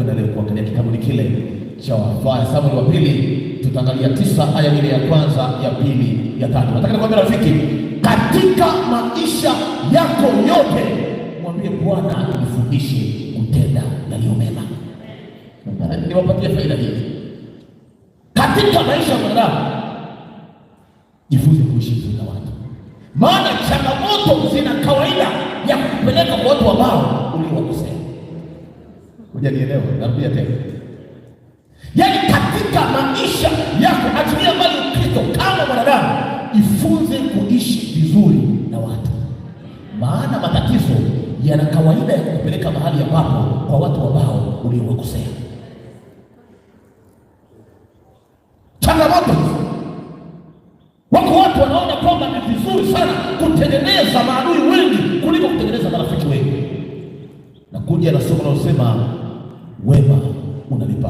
tunakwenda leo kuangalia kitabu kile cha Wafalme Samueli wa pili, tutaangalia tisa aya ile ya kwanza ya pili ya tatu. Nataka nikwambia rafiki, katika maisha yako yote mwambie Bwana nifundishe kutenda yaliyo mema. Niwapatie faida hii katika maisha ya mwanadamu, jifunze kuishi vizuri na watu, maana changamoto zina kawaida ya kupeleka kwa watu ambao uliwa Hujanielewa? Narudia tena, yaani katika maisha yako, achilia mbali Kristo kama mwanadamu, ifunze kuishi vizuri na watu, maana matatizo yana kawaida ya kupeleka mahali ambapo kwa watu ambao uliowakosea. Changamoto wako watu wanaona kwamba ni vizuri sana kutengeneza maadui wengi kuliko kutengeneza marafiki wengi. Nakuja na somo linalosema wema unalipa.